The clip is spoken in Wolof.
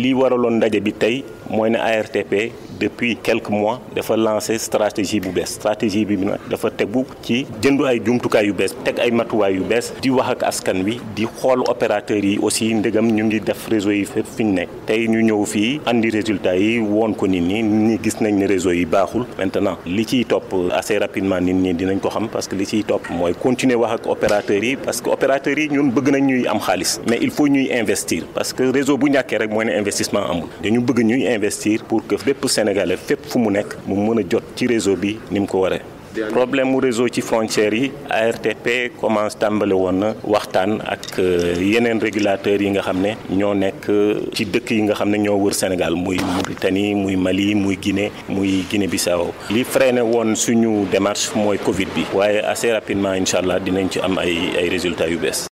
lii waraloon ndaje bi tey mooy ne ARTP depuis quelques mois dafa lancer stratégie bu bees stratégie bi nag dafa tegu ci jëndu ay jumtukaay yu bees tek ay matuwaay yu bees di wax ak askan wi di xol opérateur yi aussi ndegam ñu ngi def réseau yi fépp fi ñu nekk ñu ñëw fi andi résultats yi woon ko nit ni nit gis nañ ne réseau yi baxul maintenant li ciy top assez rapidement nit ñi dinañ ko xam parce que li ciy top moy continuer wax ak opérateur yi parce que opérateur yi ñun bëgg nañ ñuy am xaliss mais il faut ñuy investir parce que réseau bu ñaké rek moy ne investissement amul dañu bëgg ñuy investir pour que bépp Sénégal sénégalais fépp fu mu nekk mu mën a jot ci réseau bi ni mu ko waree. problème mu réseau ci frontière yi ARTP commence tàmbale woon na waxtaan ak euh, yeneen régulateur yi nga xam ne ñoo nekk euh, ci dëkk yi nga xam ne ñoo wër Sénégal muy Mauritanie muy Mali muy Guinée muy Guinée-Bissau li freiné woon suñu démarche mooy Covid bi waaye assez rapidement incha allah dinañ ci am ay ay résultats yu bees.